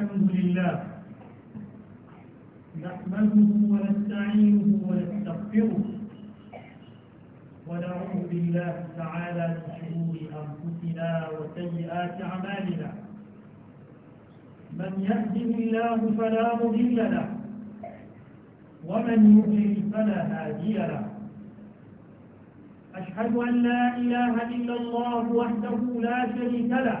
الحمد لله نحمده ونستعينه ونستغفره ونعوذ بالله تعالى من شرور انفسنا وسيئات اعمالنا من يهده الله فلا مضل له ومن يضلل فلا هادي له اشهد ان لا اله الا الله وحده لا شريك له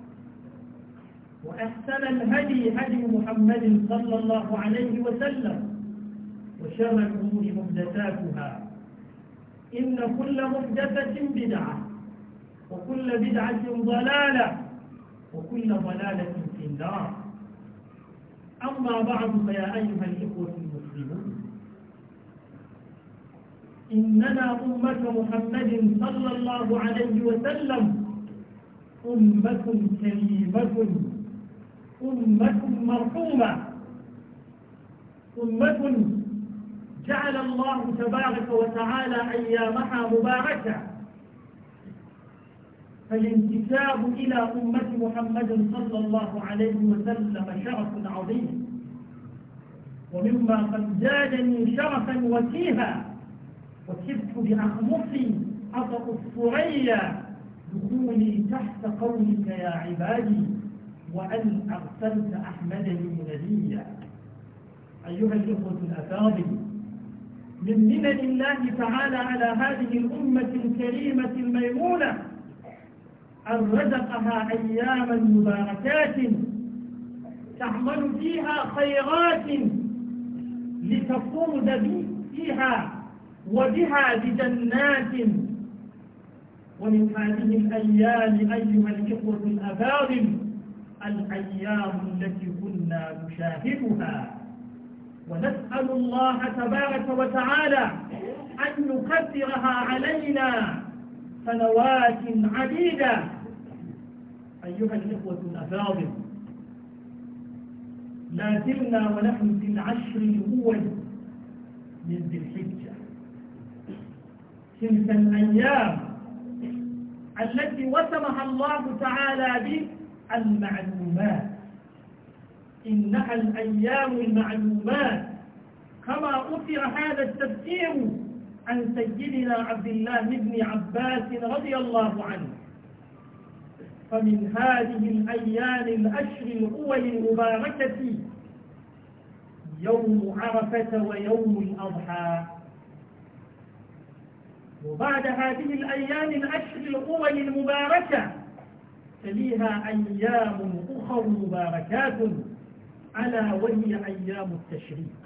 وأحسن الهدي هدي محمد صلى الله عليه وسلم وشر الأمور محدثاتها إن كل محدثة بدعة وكل بدعة ضلالة وكل ضلالة في النار أما بعد فيا أيها الإخوة المسلمون إننا أمة محمد صلى الله عليه وسلم أمة كريمة أمة مرحومة أمة جعل الله تبارك وتعالى أيامها مباركة فالانتساب إلى أمة محمد صلى الله عليه وسلم شرف عظيم ومما قد زادني شرفا وتيها وكبت بأخمصي أطأ الثريا دخولي تحت قولك يا عبادي وأن أرسلت بن نبيا أيها الإخوة الأفاضل من منن الله تعالى على هذه الأمة الكريمة الميمونة أن رزقها أياما مباركات تحمل فيها خيرات لتفوز فيها وبها بجنات ومن هذه الأيام أيها الإخوة الأفاضل الأيام التي كنا نشاهدها ونسأل الله تبارك وتعالى أن يكثرها علينا سنوات عديدة أيها الإخوة الأفاضل لا زلنا ونحن في العشر الأول من ذي الحجة تلك الأيام التي وسمها الله تعالى بها المعلومات إنها الأيام المعلومات كما أثر هذا التفسير عن سيدنا عبد الله بن عباس رضي الله عنه فمن هذه الأيام الأشر الأول المباركة يوم عرفة ويوم الأضحى وبعد هذه الأيام الأشر الأول المباركة تليها أيام أخر مباركات ألا وهي أيام التشريق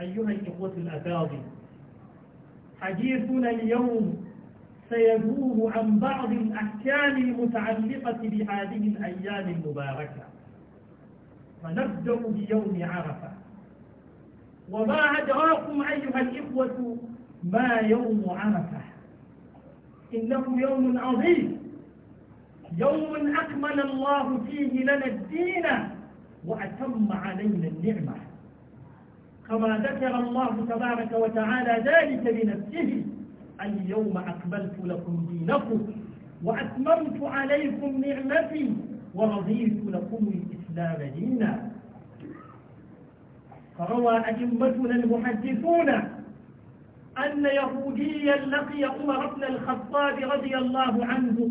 أيها الإخوة الأفاضل حديثنا اليوم سيدور عن بعض الأحكام المتعلقة بهذه الأيام المباركة فنبدأ بيوم عرفة وما أدراكم أيها الإخوة ما يوم عرفة إنه يوم عظيم يوم أكمل الله فيه لنا الدين وأتم علينا النعمة كما ذكر الله تبارك وتعالى ذلك بنفسه اليوم أكملت لكم دينكم وأتممت عليكم نعمتي ورضيت لكم الإسلام دينا فروى أئمتنا المحدثون أن يهوديا لقي عمر بن الخطاب رضي الله عنه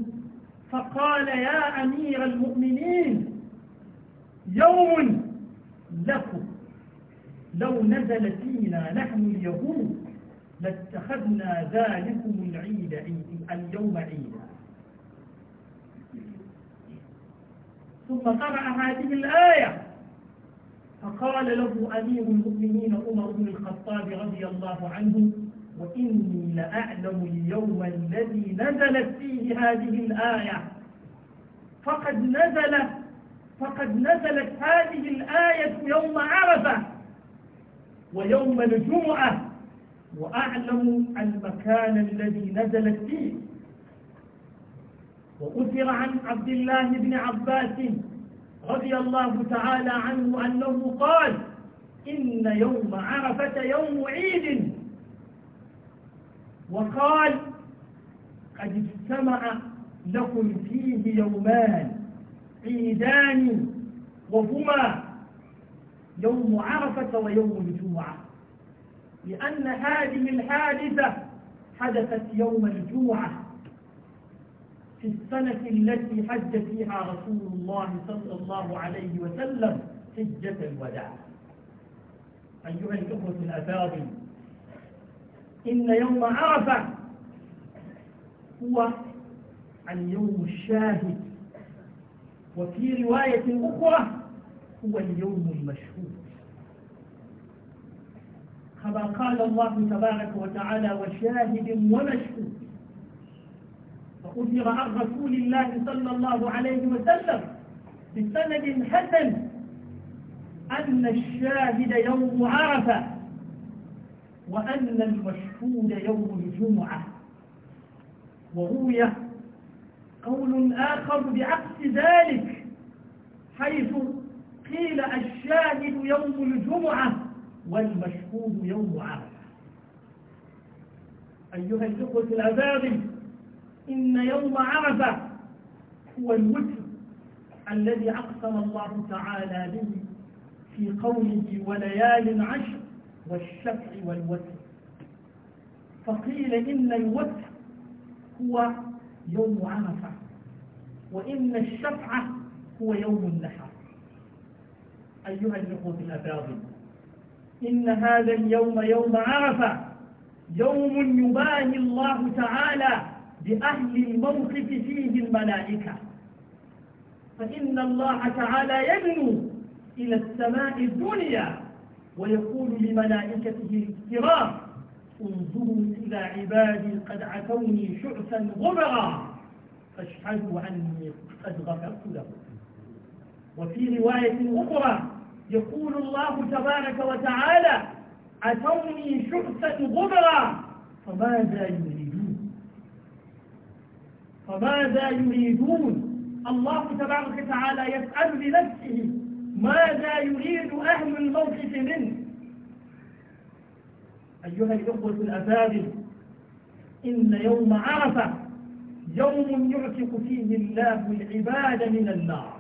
فقال يا أمير المؤمنين يوم لكم لو نزل فينا نحن اليهود لاتخذنا ذلكم العيد عيد اليوم عيدا ثم قرأ هذه الآية فقال له أمير المؤمنين عمر بن الخطاب رضي الله عنه وإني لأعلم اليوم الذي نزلت فيه هذه الآية فقد نزل فقد نزلت هذه الآية يوم عرفة ويوم الجمعة وأعلم المكان الذي نزلت فيه وأثر عن عبد الله بن عباس رضي الله تعالى عنه أنه قال إن يوم عرفة يوم عيد وقال قد اجتمع لكم فيه يومان عيدان وهما يوم عرفة ويوم الجمعة لأن هذه الحادثة حدثت يوم الجمعة في السنة التي حج فيها رسول الله صلى الله عليه وسلم حجة الوداع أيها الأخوة الأفاضل إن يوم عرفة هو اليوم الشاهد وفي رواية أخرى هو اليوم المشهود كما قال الله تبارك وتعالى وشاهد ومشهود وأثر عن رسول الله صلى الله عليه وسلم بسند حسن أن الشاهد يوم عرفة وأن المشهود يوم الجمعة وروي قول آخر بعكس ذلك حيث قيل الشاهد يوم الجمعة والمشهود يوم عرفة أيها الإخوة الأبابل إن يوم عرفة هو الوتر الذي أقسم الله تعالى به في قوله وليال عشر والشفع والوتر فقيل إن الوتر هو يوم عرفة وإن الشفع هو يوم النحر أيها الإخوة الأفاضل إن هذا اليوم يوم عرفة يوم يباهي الله تعالى بأهل الموقف فيه الملائكة فإن الله تعالى يدنو إلى السماء الدنيا ويقول لملائكته الكرام انظروا إلى عبادي قد عتوني شعثا غبرا فاشهدوا عني قد غفرت لهم وفي رواية أخرى يقول الله تبارك وتعالى أتوني شعثا غبرا فماذا يريدون فماذا يريدون الله تبارك وتعالى يسأل لنفسه ماذا يريد أهل الموقف منه أيها الإخوة الأفاضل إن يوم عرفة يوم يعتق فيه الله العباد من النار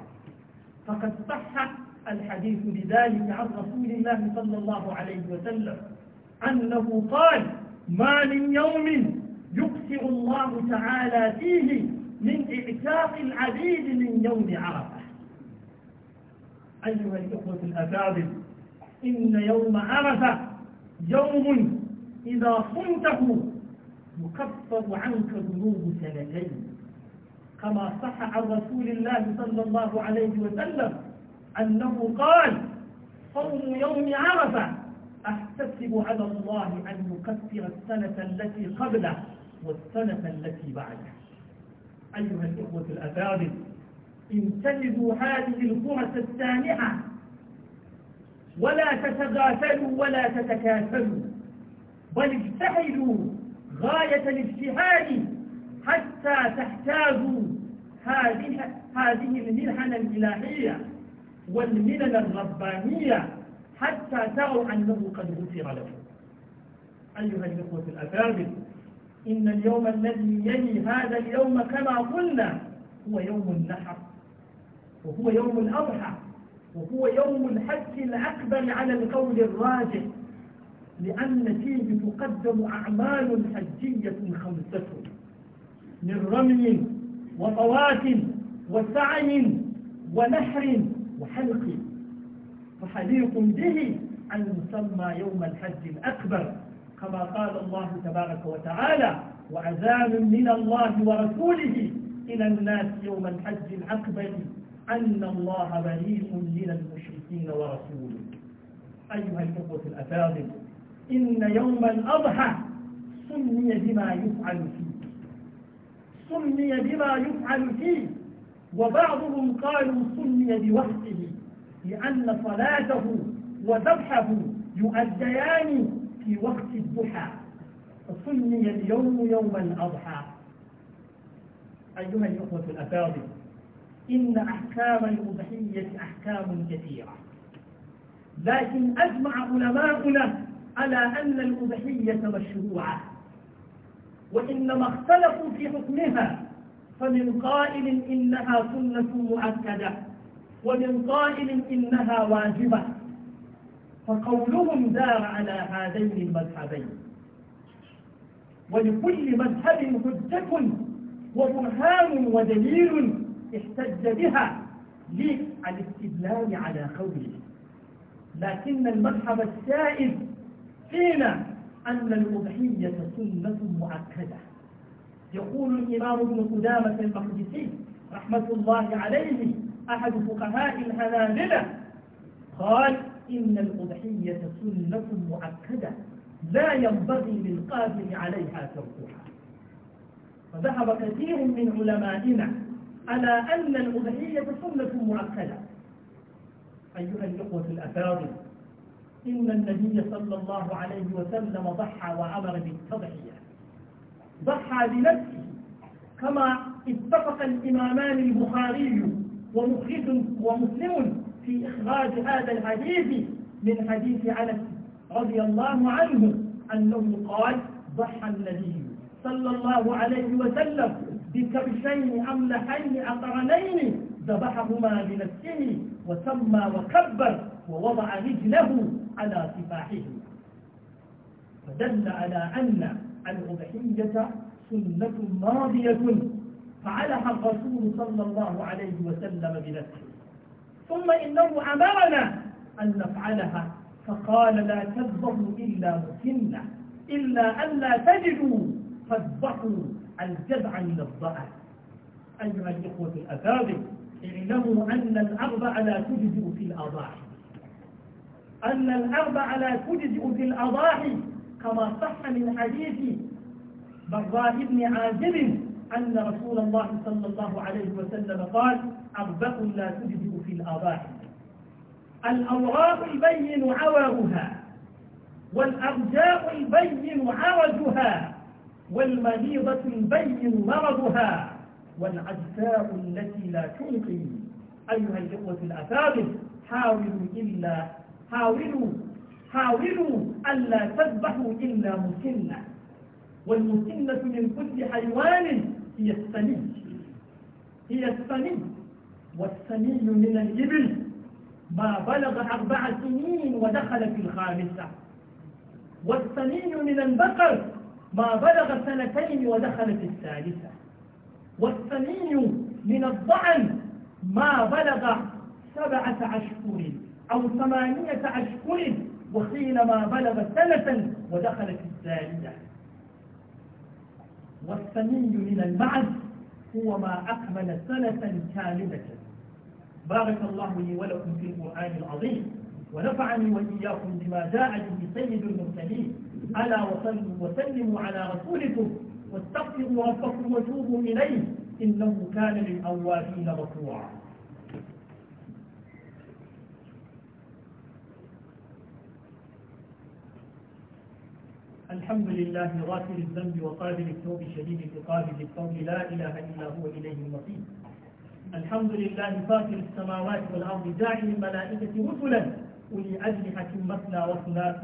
فقد صح الحديث بذلك عن رسول الله صلى الله عليه وسلم أنه قال ما من يوم يكثر الله تعالى فيه من إعتاق العبيد من يوم عرفة أيها الإخوة الأكابر إن يوم عرفة يوم إذا صمته يكفر عنك ذنوب سنتين كما صح عن رسول الله صلى الله عليه وسلم أنه قال صوم يوم عرفة أحتسب على الله أن يكفر السنة التي قبله والسنة التي بعده أيها الإخوة الأكابر انتهزوا هذه الفرص السانحة ولا تتغافلوا ولا تتكاسلوا بل اجتهدوا غاية الاجتهاد حتى تحتاجوا هذه هذه المنحنى الإلهية والمنن الربانية حتى تروا أنه قد غفر لكم أيها الإخوة الأكابر إن اليوم الذي يلي هذا اليوم كما قلنا هو يوم النحر وهو يوم الأضحى وهو يوم الحج الأكبر على القول الراجح لأن فيه تقدم أعمال حجية خمسة من رمي وطواف وسعي ونحر وحلق فحليق به أن يسمى يوم الحج الأكبر كما قال الله تبارك وتعالى وأذان من الله ورسوله إلى الناس يوم الحج الأكبر أن الله بريء من المشركين ورسوله أيها الإخوة الأفاضل إن يوم الأضحى سمي بما يفعل فيه سمي بما يفعل فيه وبعضهم قالوا سمي بوقته لأن صلاته وذبحه يؤديان في وقت الضحى فسمي اليوم يوم الأضحى أيها الأخوة الأفاضل إن أحكام المبحية أحكام كثيرة لكن أجمع علماؤنا على أن المبحية مشروعة وإنما اختلفوا في حكمها فمن قائل إنها سنة مؤكدة ومن قائل إنها واجبة فقولهم دار على هذين المذهبين ولكل مذهب حجة وبرهان ودليل احتج بها للاستدلال على قوله لكن المذهب السائد فينا أن الأضحية سنة مؤكدة يقول الإمام ابن قدامة المقدسي رحمة الله عليه أحد فقهاء الهنابلة قال إن الأضحية سنة مؤكدة لا ينبغي للقادر عليها تركها فذهب كثير من علمائنا على أن المهنية سنة مؤكدة أيها الإخوة الأفاضل إن النبي صلى الله عليه وسلم ضحى وأمر بالتضحية ضحى بنفسه كما اتفق الإمامان البخاري ومخرج ومسلم في إخراج هذا الحديث من حديث أنس رضي الله عنه أنه قال ضحى النبي صلى الله عليه وسلم بكبشين أملحين أقرنين ذبحهما بنفسه وسمى وكبر ووضع رجله على سفاحه فدل على أن الأضحية سنة ماضية فعلها الرسول صلى الله عليه وسلم بنفسه ثم إنه أمرنا أن نفعلها فقال لا تذبحوا إلا مسنة إلا أن لا تجدوا فاذبحوا الجزع من الضعف أيها الإخوة الأكابر اعلموا أن الأربع لا تجزئ في الأضاحي أن الأربع لا تجزئ في الأضاحي كما صح من حديث براء بن عازب أن رسول الله صلى الله عليه وسلم قال أربع لا تجزئ في الأضاحي الأوراق البين عورها والأرجاء البين عوجها والمريضة بين مرضها والعجزاء التي لا تنقي أيها الإخوة الأفاضل حاولوا إلا حاولوا حاولوا ألا تذبحوا إلا مسنة والمسنة من كل حيوان هي السني هي السني والسني من الإبل ما بلغ أربع سنين ودخل في الخامسة والسني من البقر ما بلغ سنتين ودخل في الثالثة والثني من الضعن ما بلغ سبعة أشهر أو ثمانية أشهر وحينما ما بلغ سنة ودخل في الثالثة والثني من المعز هو ما أكمل سنة كاملة بارك الله لي ولكم في القرآن العظيم ونفعني وإياكم بما جاء به سيد المرسلين ألا وصلوا وسلموا على رسولكم واستغفروا ربكم وتوبوا إليه إنه كان للأوابين غفورا الحمد لله غافل الذنب وقابل التوب شديد العقاب بالقول لا إله إلا هو إليه المصير الحمد لله فاطر السماوات والأرض جاعل الملائكة رسلا أولي أجنحة مثنى وثلاث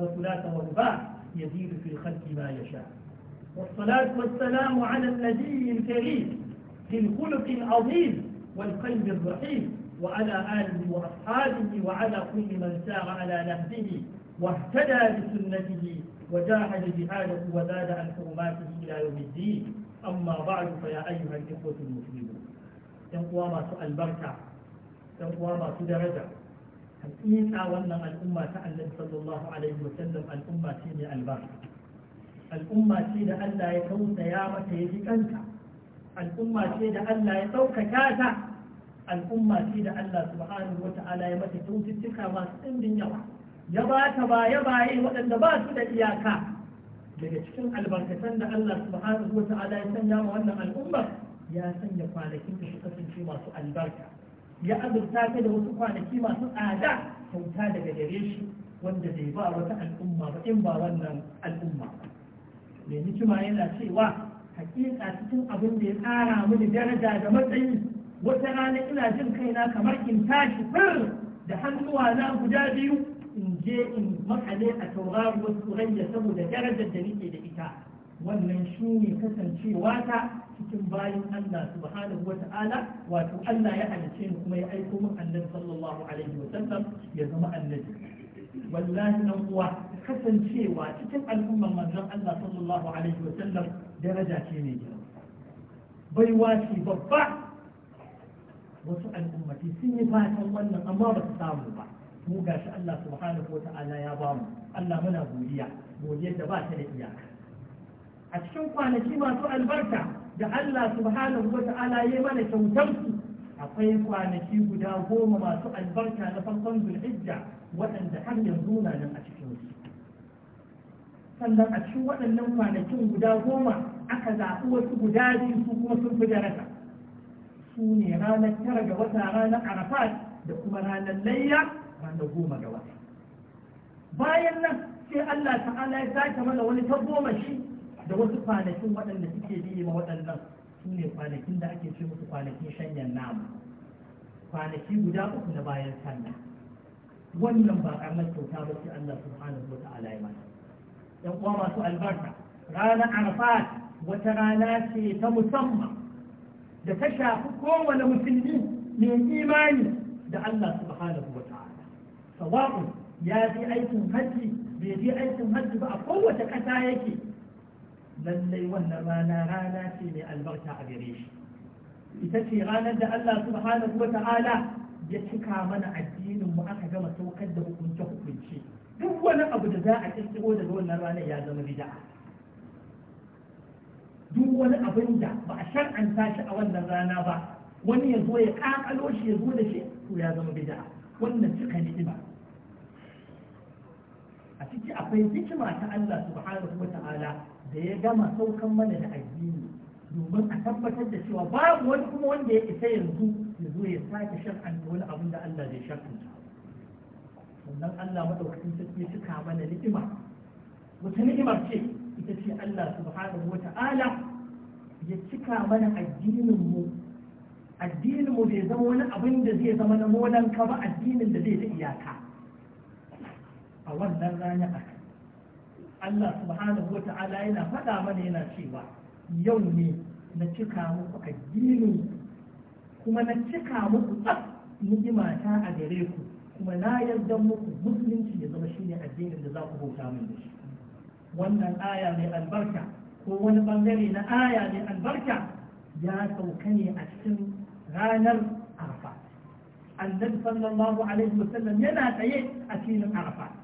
ورباع يزيد في الخلق ما يشاء والصلاة والسلام على النبي الكريم ذي الخلق العظيم والقلب الرحيم وعلى آله وأصحابه وعلى كل من سار على نهجه واهتدى بسنته وجاهد جهاده وزاد عن حرماته إلى يوم الدين أما بعد فيا أيها الإخوة المسلمون تنقوا ما سؤال بركة تنقوا ما درجة hakika wannan al'umma ta annabi sallallahu alaihi wa sallam al'umma ce mai albarka al'umma ce da Allah ya ya mata ya ji kanta al'umma ce da Allah ya ɗaukaka ta al'umma ce da Allah subhanahu wa ta'ala ya mata kyaututtuka masu ɗimbin yawa ya ba ta ba ya baye waɗanda ba su da iyaka daga cikin albarkatan da Allah subhanahu wa ta'ala ya sanya ma wannan al'ummar ya sanya kwanakin da su kasance masu albarka ya azurta ta da wasu kwanaki masu tsada kyauta daga gare shi wanda bai ba wata al'umma ba in ba wannan al'umma mai hikima yana cewa hakika cikin abin da ya tsara mini daraja da matsayi wata rana ina jin kaina kamar in tashi fir da hannuwa na guda biyu in je in makale a tauraruwar turayya saboda darajar da nake da ita wannan shi ne kasancewa ta cikin bayan Allah subhanahu wa ta'ala wato Allah ya halice ni kuma ya aiko min annabi sallallahu alaihi wa sallam ya zama annabi wallahi nan uwa kasancewa cikin al'ummar manzon Allah sallallahu alaihi wa sallam daraja ce ne baiwa ce babba wasu al'ummati sun yi fatan wannan amma ba su samu ba mu gashi Allah subhanahu wa ta'ala ya bamu Allah muna godiya godiyar da ba ta da iyaka a cikin kwanaki masu albarka da Allah subhanahu wa ta'ala ya mana kyautar su akwai kwanaki guda goma masu albarka na farkon zulhijja waɗanda har yanzu na nan a cikin su sannan a cikin waɗannan kwanakin guda goma aka zaɓi wasu guda biyu su kuma sun fi daraja su ne ranar tara ga wata ranar arafat da kuma ranar layya ranar goma ga wata bayan nan sai Allah ta'ala ya sake mana wani ta goma shi da wasu kwanakin waɗanda suke biye ma waɗannan su ne kwanakin da ake ce musu kwanakin shanyan nama kwanaki guda uku na bayan sannan. wannan ba ƙaramar kyauta ba sai Allah subhanahu ta'ala ya mata yan uwa masu albarka ranar arafat wata rana ce ta musamman da ta shafi kowane musulmi mai imani da Allah subhanahu wa ta'ala sawa'un ya je aikin hajji bai je aikin hajji ba a kowace ƙasa yake lallai wannan rana rana ce mai albarka a gare shi ita ce ranar da Allah subhanahu wa ta'ala ya cika mana addinin mu aka gama saukar da hukunce hukunci duk wani abu da za a kirkiro daga wannan ranar ya zama bid'a duk wani abin da ba a shar'anta shi a wannan rana ba wani ya zo ya kakalo shi ya zo da shi to ya zama bid'a wannan cika ni'ima a ciki akwai hikima ta Allah subhanahu wa ta'ala da ya gama saukan mana da addini domin a tabbatar da cewa babu wani kuma wanda ya isa yanzu ya zo ya sake shar'an wani abin da Allah zai shar'anta sannan Allah madaukakin sarki ya cika mana ni'ima wata ni'imar ce ita ce Allah subhanahu wa ta'ala ya cika mana addinin mu addinin mu bai zama wani abin da zai zama na molanka ba addinin da zai da iyaka a wannan rana aka Allah subhanahu wa ta'ala yana faɗa mana yana cewa yau ne na cika muku addinin kuma na cika muku tsaf ni'imata a gare ku kuma na yarda muku musulunci ya zama shine addinin da za ku bauta min da shi wannan aya mai albarka ko wani bangare na aya mai albarka ya sauka ne a cikin ranar arafa annabi sallallahu alaihi wasallam yana tsaye a filin arafa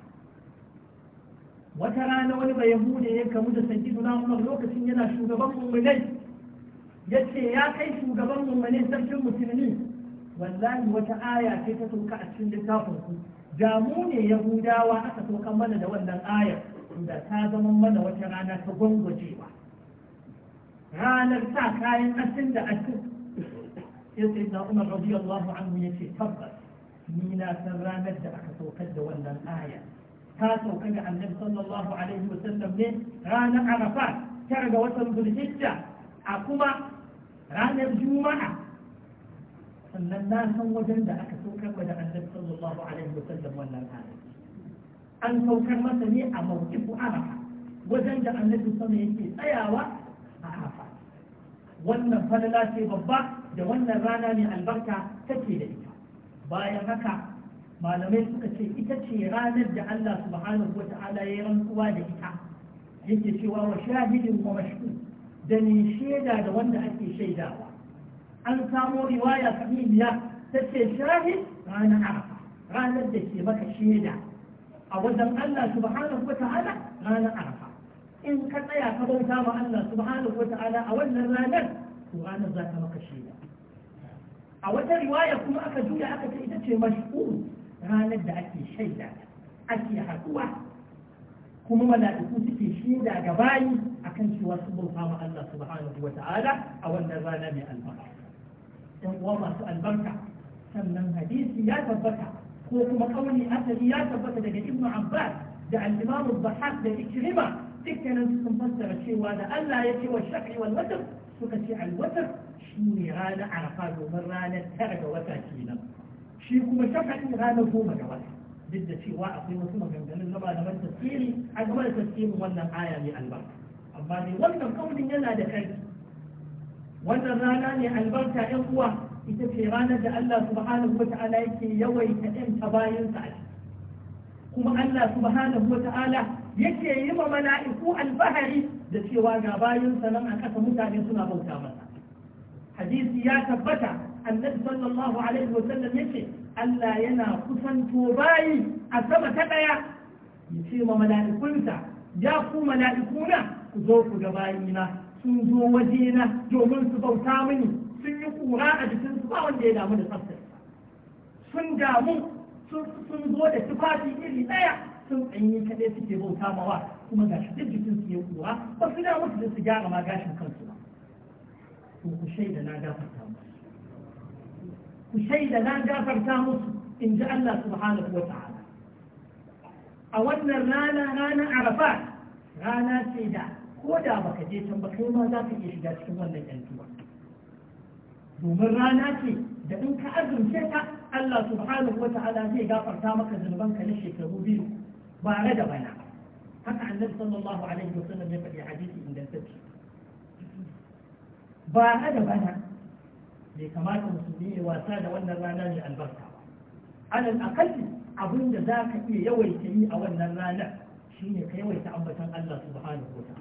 wata rana wani bai yahude ya kamu da sanki suna umar lokacin yana shugaban mummunai ya ce ya kai shugaban mummunai sarkin musulmi wallahi wata aya ce ta sauka a cikin littafin ku da mu ne yahudawa aka sauka mana da wannan ayar da ta zama mana wata rana ta gwangwajewa ranar sa kayan asin da asin ya ce da umar radiyallahu anhu ya ce tabbas ni na san ranar da aka saukar da wannan ayar Ka sauka ga annabi sallallahu alaihi wa sallam ne ranar arafat tara ga watan zulhijja a kuma ranar juma'a sannan na san wajen da aka saukar da annabi sallallahu alaihi wa sallam wannan ayat an saukar masa ne a mawqifu arafa wajen da annabi sama yake tsayawa a arafa wannan falala ce babba da wannan rana ne albarka take da ita bayan haka malamai suka ce ita ce ranar da Allah subhanahu wata'ala ya rantsuwa da ita yake cewa wa shahidin wa mashku da ni shaida da wanda ake shaidawa an samo riwaya sahihiya ta ce shahid ranar arafa ranar da ke maka shaida a wajen Allah subhanahu wata'ala ranar arafa in ka tsaya ka bauta ma Allah subhanahu wata'ala a wannan ranar to ranar za ta maka shaida a wata riwaya kuma aka juya aka ce ita ce mashku ranar da ake shaida ake haɗuwa kuma mala'iku suke shaida ga bayi akan cewa su bauta ma Allah subhanahu wa ta'ala a wannan rana mai albarka dan uwa masu albarka sannan hadisi ya tabbata ko kuma kauli asali ya tabbata daga Ibn Abbas da al-Imam al-Bahaq da Ikrima dukkanin sun fassara cewa da Allah ya ce wa shafi wal watar suka ce al-watar shine ranar arafa domin ranar tara ga wata kenan shi kuma shafaɗin ranar goma gaba duk da cewa akwai wasu maganganun gaba da ban tafsiri a gaba da wannan aya albarka amma dai wannan kaunin yana da kai wannan rana ne albarka yan uwa ita ce ranar da Allah subhanahu wata'ala yake yawaita ɗan bayansa a kuma Allah subhanahu wata'ala yake yi wa mala'iku albahari da cewa ga bayansa nan a ƙasa mutane suna bauta masa hadisi ya tabbata annabi sallallahu alaihi wa sallam yace Allah yana kusanto bayi a sama ta daya ce ma mala'ikunsa ya ku mala'ikuna ku zo ku ga bayina sun zo wajena domin su bauta mini sun yi kura a jikinsu ba wanda ya damu da tsaftar sun damu sun zo da tufafi iri ɗaya sun ɗanyi kaɗai suke bauta mawa kuma gashi duk jikinsu ya kura ba su damu su su gyara ma gashin kansu to ku shaida na gafarta musu ku shaida na gafarta musu in ji Allah subhanahu wa ta'ala a wannan rana rana arafa rana ce da ko da baka je can ba kai ma za ka iya shiga cikin wannan yantuwa domin rana ce da in ka azumce ka Allah subhanahu wa ta'ala zai gafarta maka zunubanka na shekaru biyu ba da bana haka annabi sallallahu alaihi wasallam ya faɗi hadisi ingantacce ba na da bana bai kamata musulmi ya wasa da wannan rana mai albarka ba alal akalli abin da za ka iya yawaita yi a wannan ranar shine ka yawaita ambatan Allah subhanahu wa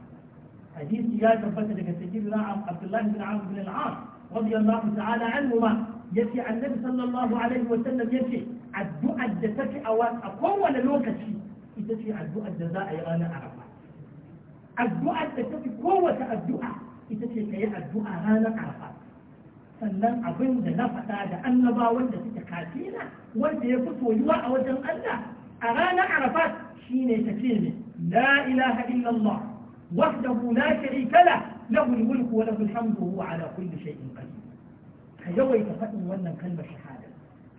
hadisi ya tabbata daga sayyidina Abdullahi bin Amr bin al-As radiyallahu ta'ala anhu ma yace annabi sallallahu alaihi wa sallam ya ce, addu'ar da ta fi a kowane lokaci ita ce addu'ar da za a yi ranar arafa addu'ar da ta fi kowace addu'a ita ce ka yi addu'a ranar arfa sannan abin da na faɗa da annabawan da suke kafina wanda ya fi soyuwa a wajen Allah a ranar arfa shine ta ce ne la ilaha illallah wahdahu la sharika la lahu mulku wa lahu hamdu wa ala kulli shay'in qadir ka yawaita faɗin wannan kalmar shahada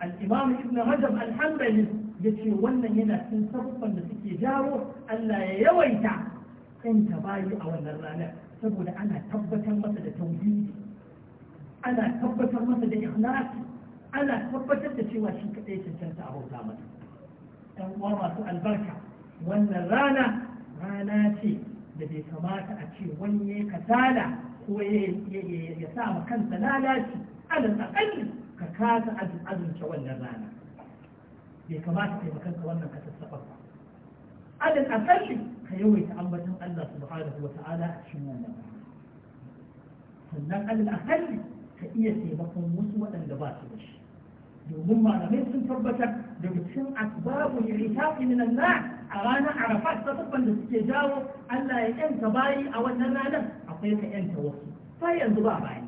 al-imam ibn rajab al-hanbali yace wannan yana cikin sabubban da suke jawo Allah ya yawaita kan ta bayi a wannan ranar saboda ana tabbatar masa da tauhidi ana tabbatar masa da ikhlasi ana tabbatar da cewa shi kadai cancanta a bauta masa dan uwa masu albarka wannan rana rana ce da bai kamata a ce wani ya kasala ko ya sa ma kansa lalaci alal akalli ka kasa azumce wannan rana bai kamata kai kanka wannan kasassaɓar ba alal akalli ka yawaita ambatan Allah subhanahu wa ta'ala a cikin wannan sannan alal akalli ka iya taimakon wasu waɗanda ba su da shi domin malamai sun tabbatar da mutum asbabu ya ritafi min Allah a ranar Arafat sababban da suke jawo Allah ya yanta bayi a wannan ranar akwai ka yanta wasu fa yanzu ba bayi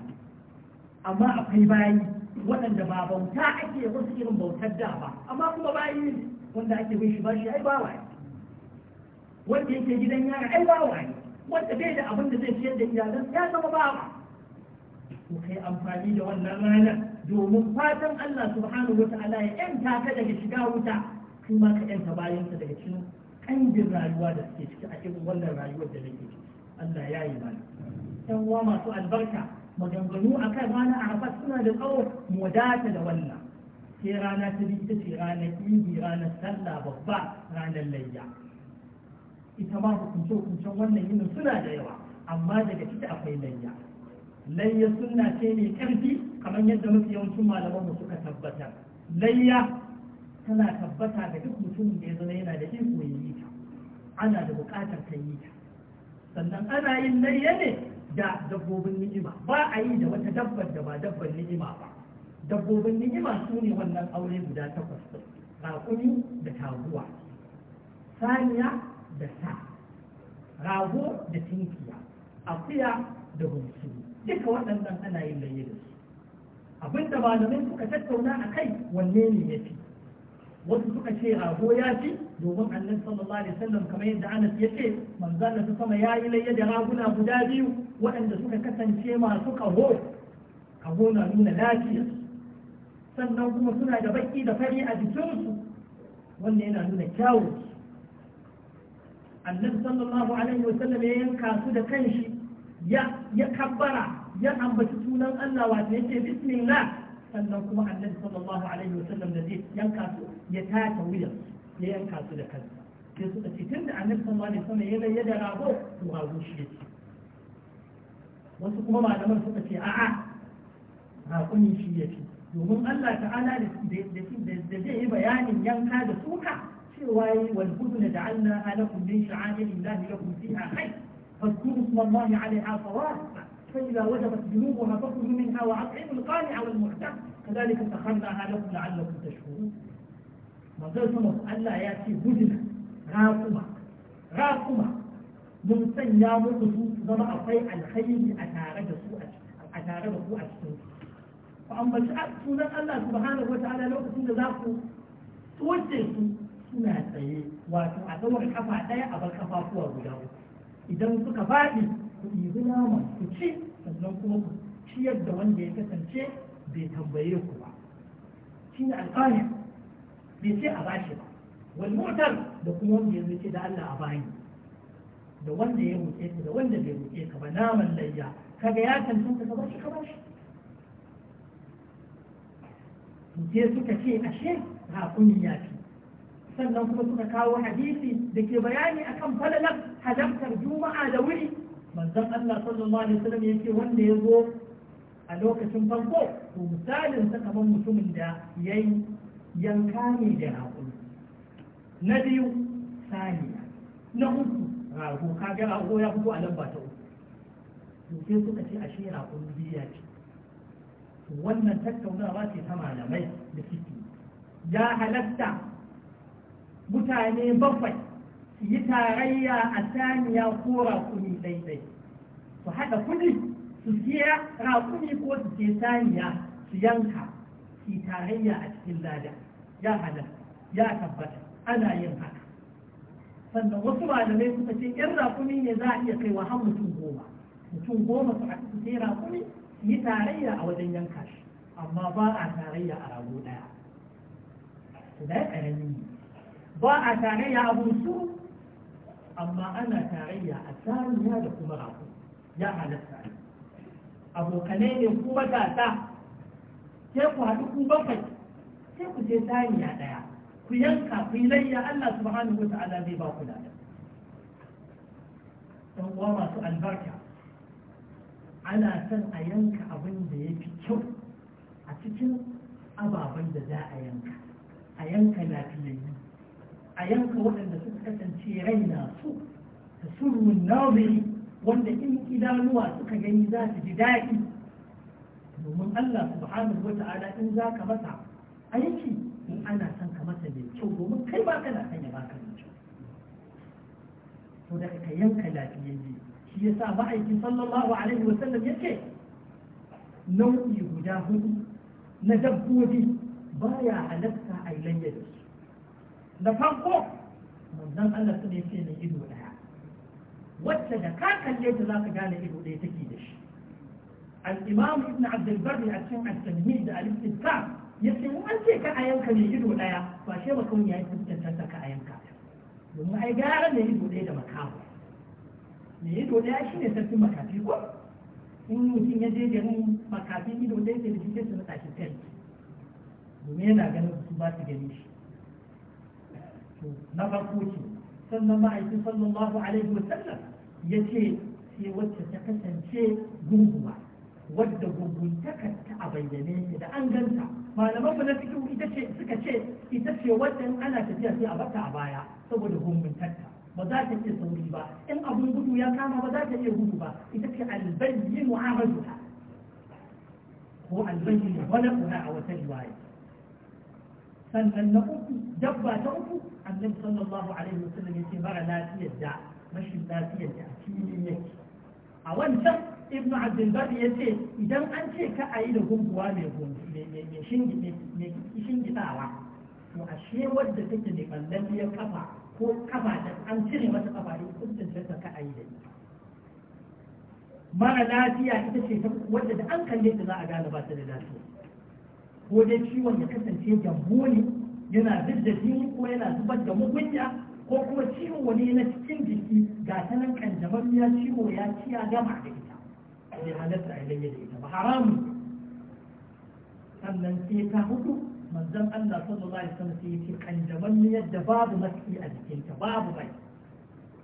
amma akwai bayi waɗanda ba bauta ake wasu irin bautar da ba amma kuma bayi wanda ake bin shi ba shi ai ba bayi wanda yake gidan yara ai bawa ne wanda bai da abin da zai ciyar da iyalan ya zama bawa ku kai amfani da wannan ranar domin fatan Allah subhanahu Ta'ala ya yanta ka daga shiga wuta kuma ka yanta bayansa daga cikin kangin rayuwa da suke ciki a cikin wannan rayuwar da nake ciki Allah ya yi mana yan uwa masu albarka maganganu akan rana Arafat suna da tsawo mu wadata da wannan sai rana ta biyu ita ce ranar ibi ranar sallah babba ranar layya ita ma hukunce hukuncen wannan yinin suna da yawa amma daga ciki akwai layya layya suna ce ne karfi kamar yadda mafi yawancin malaman mu suka tabbatar layya tana tabbata ga duk mutumin da ya zama yana da iko ya yi ta ana da bukatar ta yi ta sannan ana yin layya ne da dabbobin ni'ima ba a yi da wata dabbar da ba dabbar ni'ima ba dabbobin ni'ima su ne wannan aure guda takwas raƙumi da taguwa saniya da sa rago da tinkiya akuya da hunsu duka waɗannan ana yin laye da su abin da malamai suka tattauna a kai wanne ne ya fi wasu suka ce rago ya fi domin annabi sallallahu alaihi wasallam kamar yadda Anas ya ce manzon da sama ya yi laye da raguna guda biyu waɗanda suka kasance masu kaho kaho na nuna lafiya sannan kuma suna da baki da fari a jikinsu wannan yana nuna kyawunsu annabi sallallahu alaihi wa sallam ya yanka su da kanshi ya ya kabbara ya ambaci sunan Allah wato yake bismillah sannan kuma annabi sallallahu alaihi wa sallam da zai yanka su ya tata wuyan ya yanka su da kansa sai suka ce tunda annabi sallallahu alaihi wa sallam ya bayyana rago to rago shi yake wasu kuma malaman suka ce a'a raƙumin shi yake domin Allah ta'ala da zai yi bayanin yanka da suka في رواية والبدن جعلناها لكم من شعائر الله لكم فيها خير فاذكروا اسم الله عليها صواب فإذا وجبت جنوبها فكلوا منها وأطعموا القانع والمحتم كذلك سخرناها لكم لعلكم تشكرون ما زال سمع ألا يأتي بدنا راقمة راقمة mun sanya muku su طيع akwai alkhairi a tare da su a tare da ku a cikin ku ambaci sunan Allah suna tsaye wato a tsawar kafa ɗaya a bar kafafuwa guda idan suka faɗi ku ɗibi naman ku ci sannan kuma ku ciyar da wanda ya kasance bai tambaye ku ba shi ne alƙalin bai ce a bashi ba Wani mu'tar da kuma wanda ya zuke da Allah a bani da wanda ya roƙe ka da wanda bai roƙe ka ba naman layya kaga ya tantance ka bashi ka bashi je suka ce ashe raƙumi ya fi sannan kuma suka kawo hadisi da ke bayani akan falalar halartar juma'a da wuri manzon Allah sallallahu alaihi wasallam yake wanda ya zo a lokacin farko to misalin sa kamar mutumin da yayi yanka ne da raƙumi na biyu saniya na uku rago ka ga rago ya fito a lamba ta uku to sai suka ce ashe raƙumi biya ce wannan tattaunawa ce ta malamai da suke ya halatta mutane bakwai su yi tarayya a saniya ko raƙumi daidai su haɗa kuɗi su siya raƙumi ko su ce saniya su yanka su tarayya a cikin lada ya hada ya tabbata ana yin haka sannan wasu malamai suka ce yan raƙumi ne za a iya kaiwa har mutum goma mutum goma su haɗu su raƙumi su yi tarayya a wajen yanka shi amma ba a tarayya a rago ɗaya. Su da ƙarami ne. ba a tarayya a busu amma ana tarayya a saniya da kuma rafu ya halatta abokanai ne ku matasa sai ku haɗu ku bakwai sai ku je saniya ɗaya ku yanka ku yi layya Allah subhanahu wa ta'ala zai ba ku lada Ɗan uwa masu albarka ana son a yanka abin da ya fi kyau a cikin ababen da za a yanka a yanka lafiyayyu a yanka waɗanda suka kasance rai na su da surmun naziri wanda in idanuwa suka gani za su ji daɗi domin Allah subhanahu wa ta'ala in za ka masa aiki in ana son ka masa mai kyau domin kai ba kana son ya baka mai kyau to da ka yanka lafiyayye shi yasa ma'aikin sallallahu alaihi wa sallam yake nau'i guda hudu na dabbobi baya halatta a layyar su da farko manzon Allah su ne ce mai ido daya wacce da ka kalle ta zaka gane ido daya take da shi al-imam ibn abd al-barr a cikin at-tamhid da al-istidkar yace mu an ce ka ayanka ne ido daya ba she ba kun yayi tantance ka ayanka domin ai gara ne ido daya da makaho ne ido daya shine tafi makafi ko in mutum ya je garin makafi ido daya ke da shi sai ta mutsa kai domin yana ganin su ba su gani shi na farko ce sannan ma'aikin sallallahu alaihi wa sallam ya ce sai wacce ta kasance gunguwa wadda gunguntakar ta a bayyane ta da an ganta malaman mu na cikin ita ce suka ce ita ce wadda in ana tafiya sai a bata a baya saboda gunguntarta ba za ta iya sauri ba in abun gudu ya kama ba za ta iya gudu ba ita ce albayyin ta ko albayyin wani kuna a wata riwaya sannan na uku dabba ta uku annabi sallallahu alaihi wasallam ya ce mara lafiyar da rashin lafiyar da a filin yake a wancan ibnu abdulbar ya ce idan an ce ka a yi da gunguwa mai shingidawa to ashe wadda take da ballalliyar kafa ko kafa da an cire mata kafa ne kuntun da ka a yi da ni. mara lafiya ita ce wadda da an kalle ta za a gane ba ta da lafiya ko dai ciwon ya kasance jambo ne yana jini ko yana zubar da mugunya ko kuma ciwo wani na cikin jiki ga ta nan kanjamar ya ciwo ya ciya ya gama da ita bai halatta a ilayya da ita ba sannan sai ta hudu manzan Allah sallallahu alaihi wasallam sai yace kanjamar yadda babu matsi a ta babu mai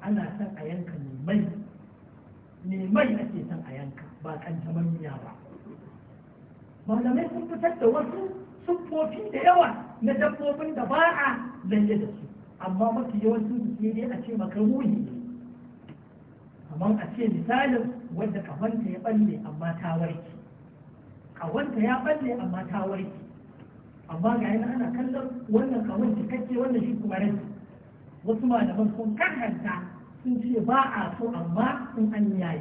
ana son a yanka mai ne mai ake son a yanka ba kanjamar miya ba malamai sun fitar da wasu siffofi da yawa na dabbobin da ba a zanje da su amma mafi yawancin su dai a ce makaruhi ne kamar a ce misalin wanda kawanta ya balle amma ta warke kawanta ya balle amma ta warke amma ga yana ana kallon wannan kawon cikakke wannan shi kuma rai wasu malaman sun karhanta sun ce ba a so amma sun an yayi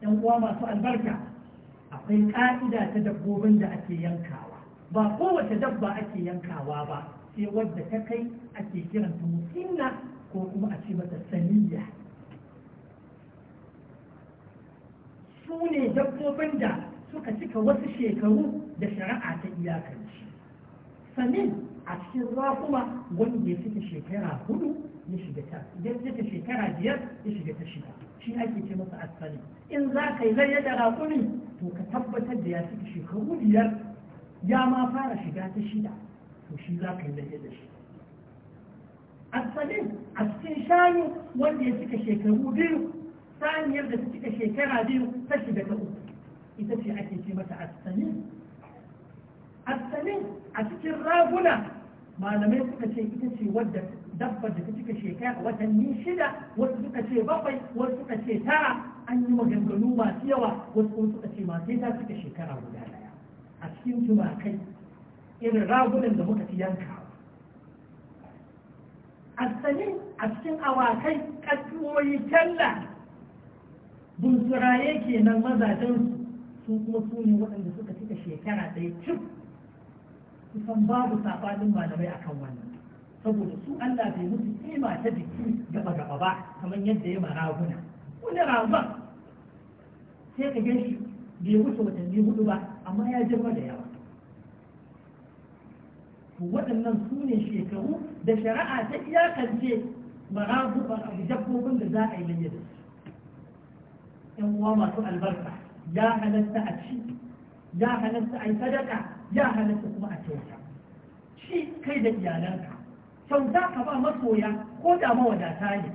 yan uwa masu albarka akwai ka'ida ta dabbobin da ake yankawa ba kowace dabba ake yankawa ba sai wadda ta kai ake kiranta musinna ko kuma a ce mata saniya su ne dabbobin da suka cika wasu shekaru da shari'a ta iyakanci sanin a cikin rakuma wani ya cika shekara hudu ya shiga ta idan ya cika shekara biyar ya shiga ta shida shi ake ce masa asali in za ka yi zai da rakumi to ka tabbatar da ya cika shekaru biyar ya ma fara shiga ta shida to shi za ka yi lafiya da shi asalin a cikin shayu wanda ya cika shekaru biyu saniyar da ta cika shekara biyu ta shiga ta uku ita ce ake ce mata asalin asalin a cikin raguna malamai suka ce ita ce wadda dabbar da ta cika shekara watanni shida wasu suka ce bakwai wasu suka ce tara an yi maganganu masu yawa wasu suka ce masu ta cika shekara guda ɗaya a cikin tumakai irin ragunan da muka fi yanka a sani a cikin awakai ƙasuwoyi talla bunsuraye kenan mazajen su kuma su ne waɗanda suka cika shekara ɗaya cif kusan babu saɓanin malamai kan wannan saboda su Allah bai musu kima ta jiki gaba gaba ba kamar yadda ya raguna wani ragon sai ka gan bai wuce watanni hudu ba amma ya jama da yawa waɗannan su ne shekaru da shari'a ta iyakance dabbobin da za a yi layyar yan uwa masu albarka ya halatta a ci ya halatta a yi sadaka ya halatta kuma a kyauta shi kai da iyalanka kyauta ka ba masoya ko da mawadata ne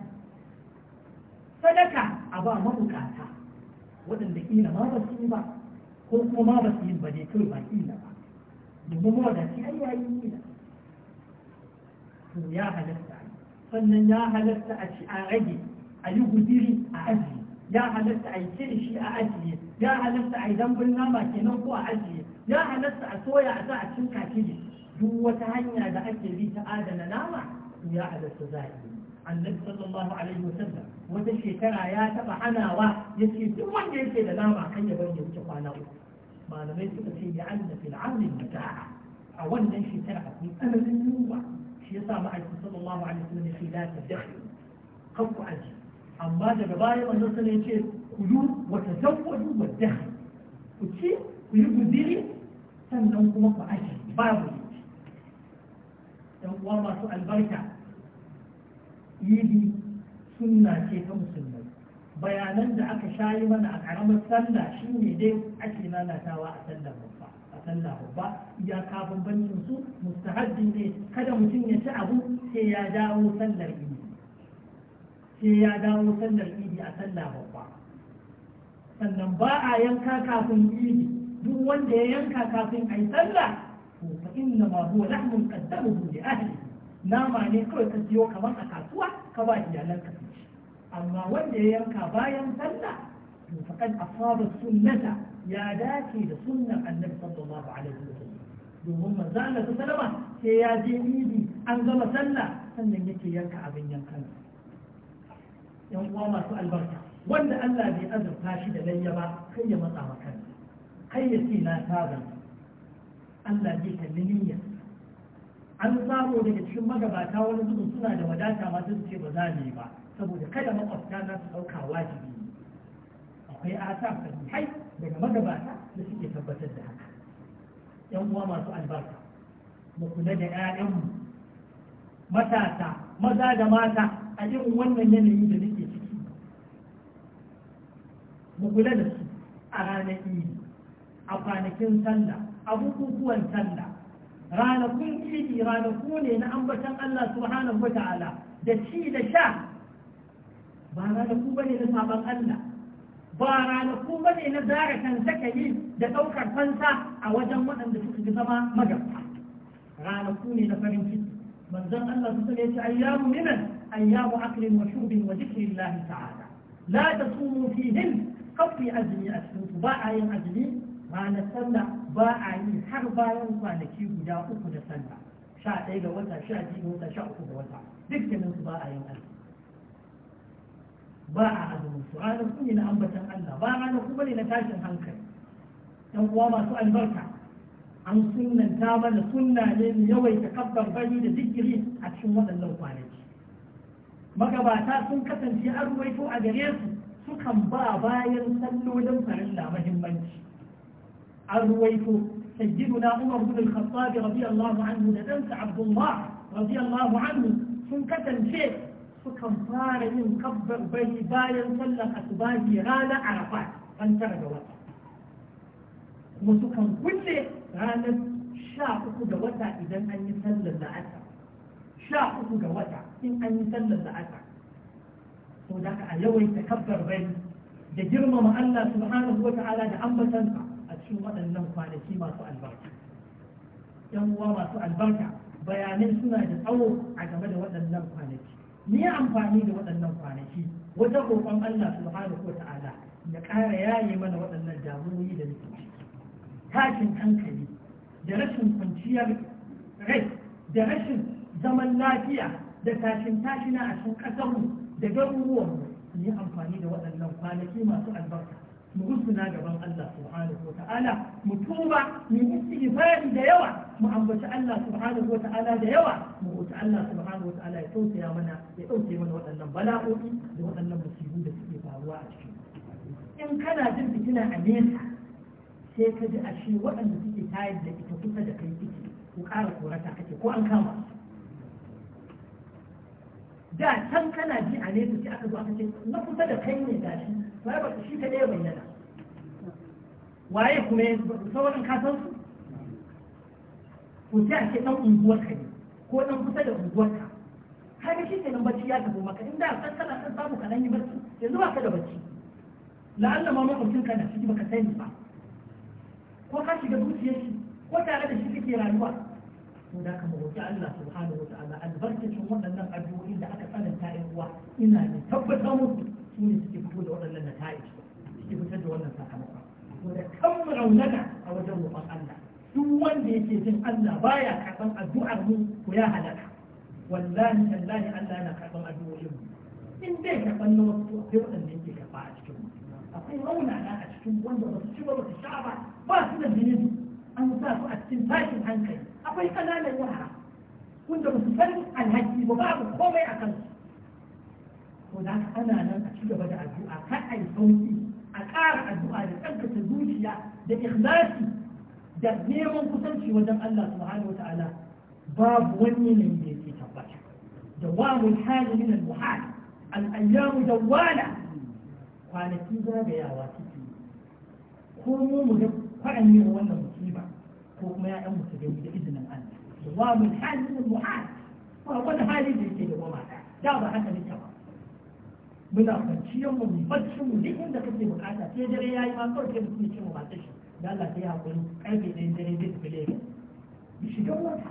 sadaka a ba mabukata waɗanda ƙila ma ba su ba ko kuma ba su yi ba dai kawai ba kila ba domin kuma da shi ai yayi kila to ya halatta sannan ya halatta a ci a rage a yi gudiri a aji. ya halatta a yi shi a ajiye ya halatta a yi dambun nama kenan ko a ajiye ya halatta a soya a sa a cin ne. duk wata hanya da ake bi ta adana nama ya halatta za a yi annabi sallallahu alaihi wasallam wata shekara ya taɓa hanawa ya ce duk wanda yake da nama kan ya bar ya wuce kwana uku malamai suka ce ya an da fil'amin mata'a a wannan shekara akwai tsananin yunwa shi ya sa ma'aiki sallallahu alaihi wasallam ya ce la ta dakhi kan ku aji amma daga baya manzon sallallahu ya ce ku yi wata zawwaju wa dakhi ku ci ku yi guziri sannan kuma ku aji babu yan uwa masu albarka idi sunna ce ta musulmai bayanan da aka shayi mana a karamar sallah shi ne dai ake lalatawa a sallah babba a sallah babba ya kafin bancin su mustahabbi ne kada mutum ya ci abu sai ya dawo sallar idi sai ya dawo sallar idi a sallah babba sannan ba a yanka kafin idi duk wanda ya yanka kafin a yi sallah to fa inna ma huwa lahmun qaddamuhu li ahli nama ne kawai ka siyo kamar a kasuwa ka ba iyalanka su amma wanda ya yanka bayan sallah to faqad asaba sunnata ya dace da sunnan annabi sallallahu alaihi wasallam domin manzo Allah sallama sai ya je ibi an gama sallah sannan yake yanka abin yankan yan uwa masu albarka wanda Allah bai azurta shi da layya ba kai ya matsa maka kai ya ce na saba Allah zai kalli niyyar. an zamo daga cikin magabata wani zubin suna da wadata ma su ce ba za mu yi ba saboda kada makwabta za su ɗauka wajibi akwai asa sahihai daga magabata da suke tabbatar da haka yan uwa masu albarka mu kula da 'ya'yanmu matasa maza da mata a irin wannan yanayi da nake ciki mu kula da su a ranar iri a kwanakin sallah a bukukuwan sallah ranakun ciki ranaku ne na ambatan Allah subhanahu wa ta'ala da ci da sha ba ranaku ne na sabon Allah ba ranaku bane na zara kan saka yi da ɗaukar fansa a wajen waɗanda suka ji zama magabta ranaku ne na farin ciki manzon Allah su ne ce ayyamu minan ayyamu aklin wa shubin wa zikrillah ta'ala la tasumu fihin kafi azumi a cikin ba a yin azumi ranar sallah ba a yi har bayan kwanaki guda uku da sallah sha ɗaya ga wata sha biyu ga wata sha uku ga wata dukkanin su ba a yin azumi ba a azumin su ranar kuma na ambatan Allah ba ranar kuma ne na tashin hankali ɗan uwa masu albarka an sunanta mana sunna ne mu yawaita kabbar bari da zikiri a cikin waɗannan kwanaki magabata sun kasance an ruwaito a gare su sukan ba bayan sallolin farilla muhimmanci an ruwaito sayyiduna umar bin al-khattab radiyallahu anhu da dan abdullah radiyallahu anhu sun kasance sukan fara yin kabbar bari bayan sallar asubahi ranar arafa an tara da wata kuma sukan kulle ranar sha uku da wata idan an yi sallar da asa. sha uku ga wata in an yi sallar la'asar to da a yawaita kabbar bari da girmama Allah subhanahu wa ta'ala da ambatansa cikin waɗannan kwanaki masu albarka yan uwa masu albarka bayanai suna da tsawo a game da waɗannan kwanaki ni amfani da waɗannan kwanaki wajen roƙon Allah subhanahu wa ta'ala ya ƙara yaye mana waɗannan damuwoyi da muke tashin hankali da rashin kwanciyar rai da rashin zaman lafiya da tashin tashina a cikin ƙasarmu da garuruwanmu mu yi amfani da waɗannan kwanaki masu albarka mu rusuna gaban Allah subhanahu wa ta'ala mu tuba mu istighfari da yawa mu ambaci Allah subhanahu wa ta'ala da yawa mu roki Allah subhanahu wa ta'ala ya tausaya mana ya dauke mana waɗannan bala'o'i da waɗannan musibu da suke faruwa a cikin in kana jin fitina a nesa sai ka ji ashe waɗanda suke tayar da ita kusa da kai kike, ku ƙara korata kake ko an kama da can kana ji a nesa sai aka zo aka ce na kusa da kai ne da shi. waye kuma ya sauran kasan su sai ake ɗan dan unguwar ka ko ɗan kusa da unguwar ka kaga shi kenan bacci ya tafi maka In da kan kana kan samu kaɗan yi bacci yanzu ba ka da bacci la'alla ma makwabcin ka na ciki baka sani ba ko ka shiga zuciyar shi ko tare da shi kake rayuwa to da ka mabuki Allah subhanahu wataala albarkacin waɗannan addu'o'i da aka tsananta ƴan uwa ina ne tabbatar musu ne suke fito da waɗannan nata'ij suke fitar da wannan sakamakon wanda da kan raunana a wajen roƙon Allah duk wanda yake jin Allah baya karɓan addu'ar mu ko ya halaka wallahi wallahi Allah yana karɓan addu'o'in mu in dai karɓan na wasu akwai waɗanda yake karɓa a cikin mu akwai na a cikin wanda ba su ci ba ba su sha ba ba su da zunubi an sa su a cikin tashin hankali akwai ƙananan yara wanda ba su san alhaki ba babu komai a kansu ko da ana nan a ci gaba da addu'a kai a sauki ƙara addu'a da tsarkake zuciya da ikhlasi da neman kusanci wajen Allah subhanahu wata'ala babu wani ne da yake tabbata Da mun hali min al muhal al ayyamu dawala kwanaki zagayawa suke ko mu mu ga kwaɗan wannan musiba ko kuma ya'yan mu su gani da izinin Allah mun hali min al muhal ba wani hali da yake da goma da ba haka ne muna kwanciyar mu mu bacci mu duk inda kake bukata sai dare yayi ma kawai sai mutum ce mu ba tashi da Allah sai ya hakuri karfe ɗayan dare zai tafi lebe mu shiga wata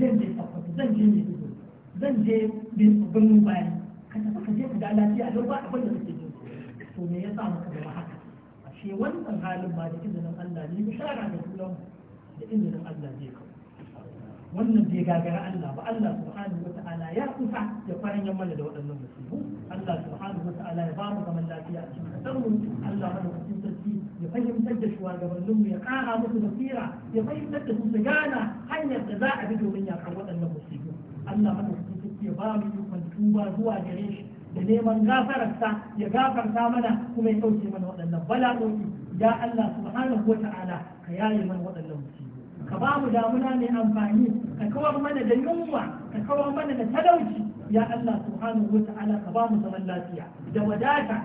zan je sakwato zan je ne dubu zan je birnin bayi ka tafi ka je ka ga lafiya don ba abin da kake ji to me yasa muka zama haka ashe wannan halin ba da izinin Allah ne bishara da kullum da izinin Allah zai kawo wannan bai gagara Allah ba Allah subhanahu wa ta'ala ya kusa ya faran mana da waɗannan musibu Allah subhanahu wa ta'ala ya bamu mu zaman lafiya a cikin kasarmu Allah mana cikin sarki ya fahimtar da shugabannin mu ya ƙara musu basira ya fahimtar da su su gana hanyar da za a bi domin yakan waɗannan musibu Allah mana cikin sarki ya ba ikon tuba zuwa gare shi da neman gafararsa ya gafarta mana kuma ya kauce mana waɗannan bala'o'i ya Allah subhanahu wa ta'ala ka yaye mana waɗannan ka ba mu damuna mai amfani ka kawar mana da yunwa ka kawar mana da talauci ya Allah subhanahu wa ta'ala ka ba mu zaman lafiya da wadata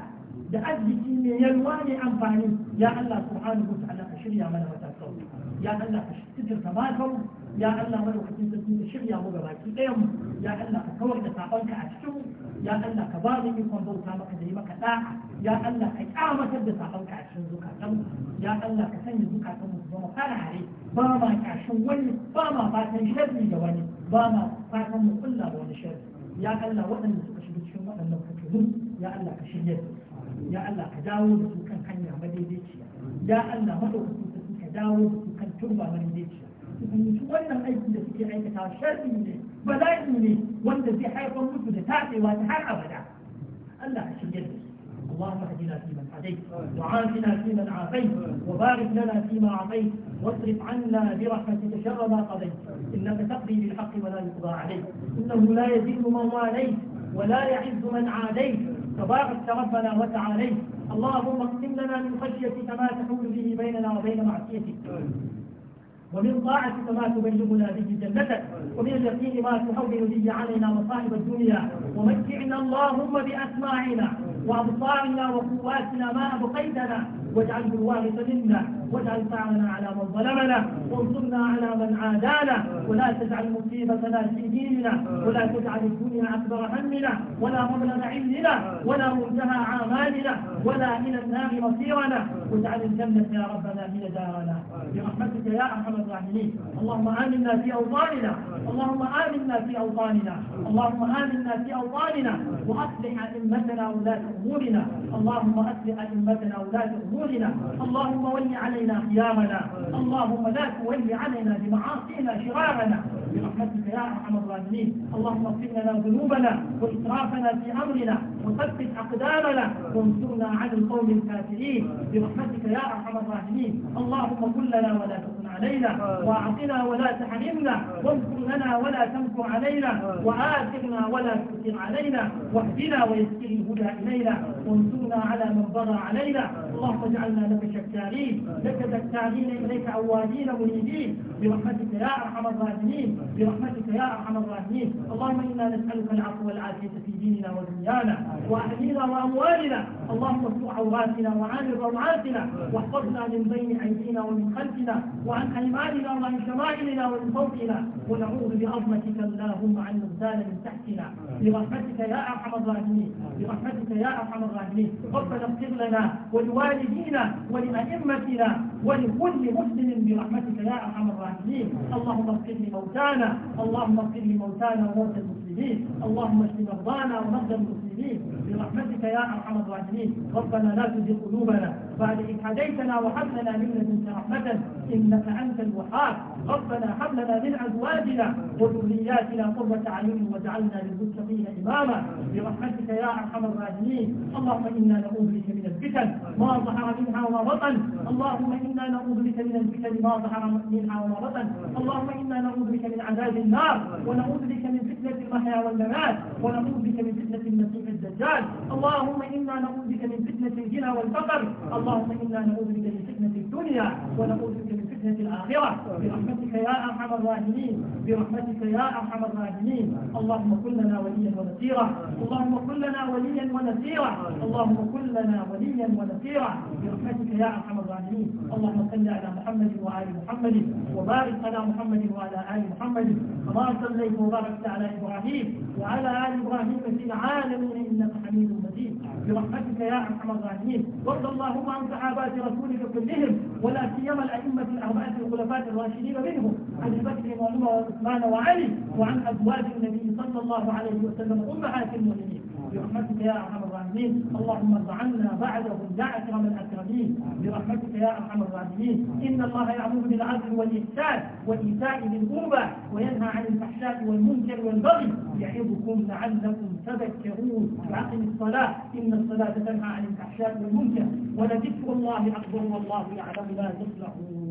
da arziki mai yalwa mai amfani ya Allah subhanahu wa ta'ala ka shirya mana wata sauri, ya Allah ka shirya matakan ya Allah mana wata sarki ka shirya mu gaba ki ɗayan mu ya Allah ka kawar da sabanka a cikin mu ya Allah ka ba mu ikon bauta maka da yi maka da'a ya Allah ka kyamatar da sabanka a cikin zukatan mu ya Allah ka sanya zukatan mu zama farare ba ma kashin wani ba ma fatan sharri da wani ba ma fatan mu kulla da wani sharri ya Allah waɗanda suka shiga cikin waɗannan fitinu ya Allah ka shirya su ya Allah ka dawo da su kan hanya madaidaiciya ya Allah madaukakin sarki ka dawo da su kan turba madaidaiciya su fahimci wannan aikin da suke aikata sharri ne bala'i ne wanda zai haifar musu da tatsewa ta har abada Allah ka shirya da su اللهم اهدنا فيمن هديت وعافنا فيمن عافيت وبارك لنا فيما اعطيت واصرف عنا برحمتك شر ما قضيت انك تقضي بالحق ولا يقضى عليك انه لا يزيد من واليت ولا يعز من عاديت تبارك ربنا وتعاليت اللهم اقسم لنا من خشيتك ما تحول به بيننا وبين معصيتك ومن طاعتك ما تبلغنا به جنتك ومن اليقين ما تهون به علينا مصائب الدنيا ومتعنا اللهم باسماعنا وأبصارنا وقواتنا ما أبقيتنا واجعله الوارث منا واجعل ثارنا على من ظلمنا وانصرنا على من عادانا ولا تجعل مصيبتنا في ديننا ولا تجعل الدنيا أكبر همنا ولا مبلغ علمنا ولا منتهى اعمالنا ولا إلى النار مصيرنا واجعل الجنة يا ربنا هي دارنا برحمتك يا أرحم الراحمين اللهم آمنا في أوطاننا اللهم آمنا في أوطاننا اللهم آمنا في أوطاننا وأصلح أئمتنا ولاة أمورنا اللهم أصلح أئمتنا ولاة أمورنا رسلنا اللهم ولي علينا قيامنا اللهم لا تولي علينا بمعاصينا شرارنا برحمتك يا ارحم الراحمين اللهم اغفر لنا ذنوبنا واسرافنا في امرنا وثبت اقدامنا وانصرنا على القوم الكافرين برحمتك يا ارحم الراحمين اللهم كلنا ولا تكلنا علينا وأعطنا ولا تحرمنا واذكر لنا ولا تمكر علينا وآثرنا ولا تؤثر علينا واهدنا ويسر الهدى إلينا وانصرنا على من ضرى علينا اللهم اجعلنا لك شكارين لك ذكارين إليك أوابين منيبين برحمتك يا أرحم الراحمين برحمتك يا أرحم الراحمين اللهم إنا نسألك العفو والعافية في ديننا ودنيانا وأهلنا وأموالنا اللهم اصلح عوراتنا وعامل روعاتنا واحفظنا من بين أيدينا ومن خلفنا وعن عن أيماننا وعن شمائلنا ومن فوقنا ونعوذ بعظمتك اللهم عن نزال من تحتنا برحمتك يا أرحم الراحمين برحمتك يا أرحم الراحمين ربنا اغفر لنا ولوالدينا ولأئمتنا ولكل مسلم برحمتك يا أرحم الراحمين اللهم اغفر لموتانا اللهم اغفر لموتانا وموتى المسلمين اللهم اشف مرضانا ومرضى المسلمين برحمتك يا أرحم الراحمين ربنا لا تزغ قلوبنا بعد إذ هديتنا وهب لنا رحمة إنك أنت الوهاب ربنا هب لنا من أزواجنا وذرياتنا قرة أعين واجعلنا للمتقين إماما برحمتك يا أرحم الراحمين اللهم إنا نعوذ بك من الفتن ما ظهر منها وما بطن اللهم إنا نعوذ بك من الفتن ما ظهر منها وما بطن اللهم إنا نعوذ بك من عذاب النار ونعوذ بك من فتنة المحيا والممات ونعوذ بك من فتنة المسيح الدجال اللهم إنا نعوذ بك من فتنة الجنى والفقر اللهم إنا نعوذ بك من فتنة الدنيا ونعوذ بك من الفتنة الآخرة برحمتك يا أرحم الراحمين برحمتك يا أرحم الراحمين اللهم كن لنا وليا ونصيرا اللهم كن لنا وليا ونصيرا اللهم كن لنا وليا ونصيرا برحمتك يا أرحم الراحمين اللهم صل على محمد وآل محمد وبارك على محمد وعلى آل محمد كما صليت وباركت على إبراهيم وعلى آل إبراهيم في العالمين إنك حميد مجيد برحمتك يا ارحم الراحمين وارض اللهم عن صحابات رسولك كلهم ولا سيما الائمه الاربعه الخلفاء الراشدين منهم عن ابي بكر وعمر وعثمان وعلي وعن ازواج النبي صلى الله عليه وسلم امهات المؤمنين برحمتك يا ارحم الراحمين اللهم ارفعنا بعدهم يا اكرم الاكرمين برحمتك يا ارحم الراحمين ان الله يامر بالعدل والاحسان وايتاء ذي القربى وينهى عن الفحشاء والمنكر والبغي يعظكم لعلكم تذكرون واقم الصلاه ان الصلاه تنهى عن الفحشاء والمنكر ولذكر الله اكبر والله يعلم ما تصلحون